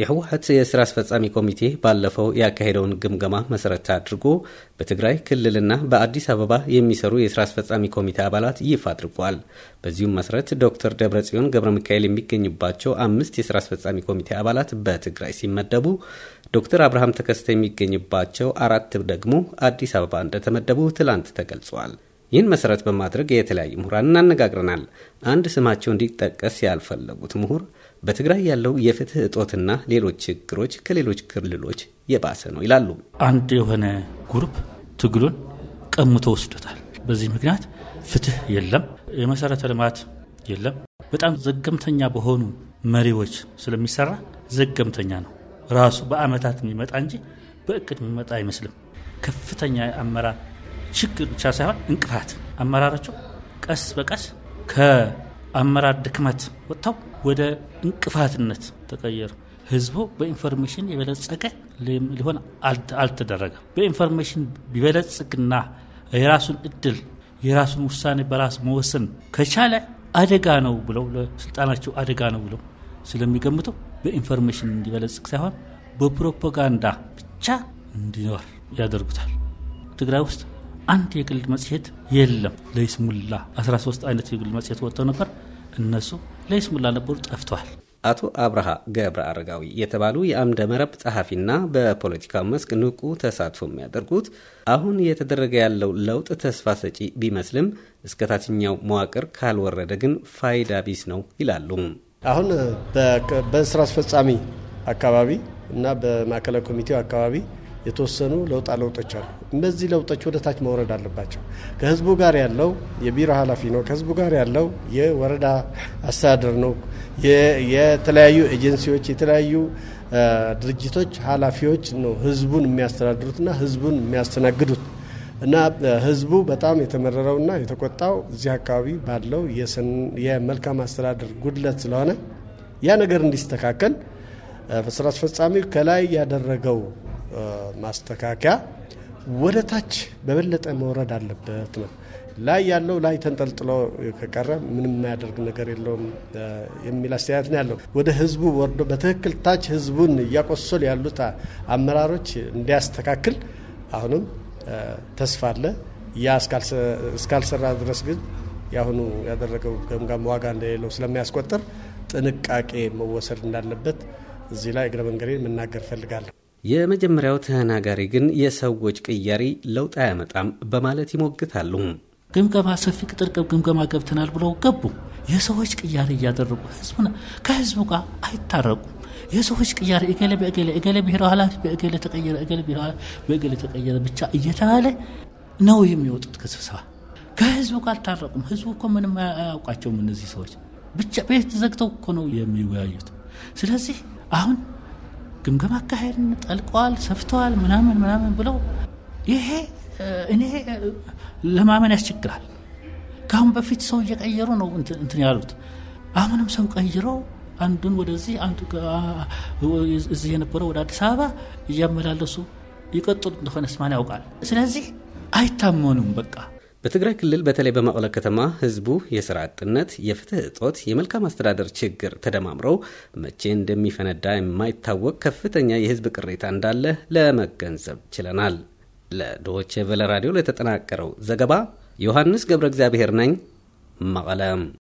የህወሀት የስራ አስፈጻሚ ኮሚቴ ባለፈው ያካሄደውን ግምገማ መሰረት አድርጎ በትግራይ ክልልና በአዲስ አበባ የሚሰሩ የስራ አስፈጻሚ ኮሚቴ አባላት ይፋ አድርጓል። በዚሁም መሰረት ዶክተር ደብረጽዮን ገብረ ሚካኤል የሚገኙባቸው አምስት የስራ አስፈጻሚ ኮሚቴ አባላት በትግራይ ሲመደቡ ዶክተር አብርሃም ተከስተ የሚገኝባቸው አራት ደግሞ አዲስ አበባ እንደተመደቡ ትላንት ተገልጿል። ይህን መሰረት በማድረግ የተለያዩ ምሁራን እናነጋግረናል። አንድ ስማቸው እንዲጠቀስ ያልፈለጉት ምሁር በትግራይ ያለው የፍትህ እጦትና ሌሎች ችግሮች ከሌሎች ክልሎች የባሰ ነው ይላሉ። አንድ የሆነ ግሩፕ ትግሉን ቀምቶ ወስዶታል። በዚህ ምክንያት ፍትህ የለም፣ የመሰረተ ልማት የለም። በጣም ዘገምተኛ በሆኑ መሪዎች ስለሚሰራ ዘገምተኛ ነው። ራሱ በአመታት የሚመጣ እንጂ በእቅድ የሚመጣ አይመስልም። ከፍተኛ አመራር ችግር ብቻ ሳይሆን እንቅፋት አመራራቸው ቀስ በቀስ አመራር ድክመት ወጥተው ወደ እንቅፋትነት ተቀየሩ። ህዝቡ በኢንፎርሜሽን የበለጸገ ሊሆን አልተደረገም። በኢንፎርሜሽን ቢበለጽግና የራሱን እድል የራሱን ውሳኔ በራስ መወሰን ከቻለ አደጋ ነው ብለው ለስልጣናቸው አደጋ ነው ብለው ስለሚገምቱ በኢንፎርሜሽን እንዲበለጽግ ሳይሆን በፕሮፓጋንዳ ብቻ እንዲኖር ያደርጉታል። ትግራይ ውስጥ አንድ የግል መጽሔት የለም። ለይስሙላ 13 አይነት የግል መጽሔት ወጥተው ነበር። እነሱ ለይስሙላ ነበሩ፣ ጠፍተዋል። አቶ አብርሃ ገብረ አረጋዊ የተባሉ የአምደ መረብ ጸሐፊና በፖለቲካው መስክ ንቁ ተሳትፎ የሚያደርጉት አሁን እየተደረገ ያለው ለውጥ ተስፋ ሰጪ ቢመስልም እስከ ታችኛው መዋቅር ካልወረደ ግን ፋይዳ ቢስ ነው ይላሉ። አሁን በስራ አስፈጻሚ አካባቢ እና በማዕከላዊ ኮሚቴው አካባቢ የተወሰኑ ለውጣ ለውጦች አሉ። እነዚህ ለውጦች ወደ ታች መውረድ አለባቸው። ከህዝቡ ጋር ያለው የቢሮ ኃላፊ ነው። ከህዝቡ ጋር ያለው የወረዳ አስተዳደር ነው። የተለያዩ ኤጀንሲዎች፣ የተለያዩ ድርጅቶች ኃላፊዎች ነው ህዝቡን የሚያስተዳድሩትና ህዝቡን የሚያስተናግዱት እና ህዝቡ በጣም የተመረረውና የተቆጣው እዚህ አካባቢ ባለው የመልካም አስተዳደር ጉድለት ስለሆነ ያ ነገር እንዲስተካከል ስራ አስፈጻሚው ከላይ ያደረገው ማስተካከያ ወደ ታች በበለጠ መውረድ አለበት ነው። ላይ ያለው ላይ ተንጠልጥሎ ከቀረ ምንም የማያደርግ ነገር የለውም የሚል አስተያየት ነው ያለው። ወደ ህዝቡ ወርዶ በትክክል ታች ህዝቡን እያቆሰሉ ያሉት አመራሮች እንዲያስተካክል አሁንም ተስፋ አለ። ያ እስካልሰራ ድረስ ግን የአሁኑ ያደረገው ገምጋም ዋጋ እንደሌለው ስለሚያስቆጥር ጥንቃቄ መወሰድ እንዳለበት እዚህ ላይ እግረ መንገዴን መናገር እፈልጋለሁ። የመጀመሪያው ተናጋሪ ግን የሰዎች ቅያሪ ለውጥ አያመጣም በማለት ይሞግታሉ። ግምገማ ሰፊ ቅጥር ግምገማ ገብተናል ብለው ገቡ። የሰዎች ቅያሪ እያደረጉ ህዝቡ ከህዝቡ ጋር አይታረቁም። የሰዎች ቅያሪ እገሌ በእገሌ እገሌ ብሔራዊ ኃላፊ በእገሌ ተቀየረ እገሌ ብሔራዊ በእገሌ ተቀየረ ብቻ እየተባለ ነው የሚወጡት ከስብሰባ። ከህዝቡ ጋር አልታረቁም። ህዝቡ እኮ ምንም አያውቃቸውም። እነዚህ ሰዎች ብቻ ቤት ዘግተው እኮ ነው የሚወያዩት። ስለዚህ አሁን ግምገማ አካሄድን ጠልቀዋል፣ ሰፍተዋል፣ ምናምን ምናምን ብለው ይሄ እኔ ለማመን ያስቸግራል። ከአሁን በፊት ሰው እየቀየሩ ነው እንትን ያሉት። አሁንም ሰው ቀይረው አንዱን ወደዚህ አንዱ እዚህ የነበረው ወደ አዲስ አበባ እያመላለሱ ይቀጥሉ እንደሆነ ስማን ያውቃል። ስለዚህ አይታመኑም በቃ በትግራይ ክልል በተለይ በመቀለ ከተማ ህዝቡ የስራ አጥነት፣ የፍትህ እጦት፣ የመልካም አስተዳደር ችግር ተደማምረው መቼ እንደሚፈነዳ የማይታወቅ ከፍተኛ የህዝብ ቅሬታ እንዳለ ለመገንዘብ ችለናል። ለዶቼ ቨለ ራዲዮ ለተጠናቀረው ዘገባ ዮሐንስ ገብረ እግዚአብሔር ነኝ መቀለም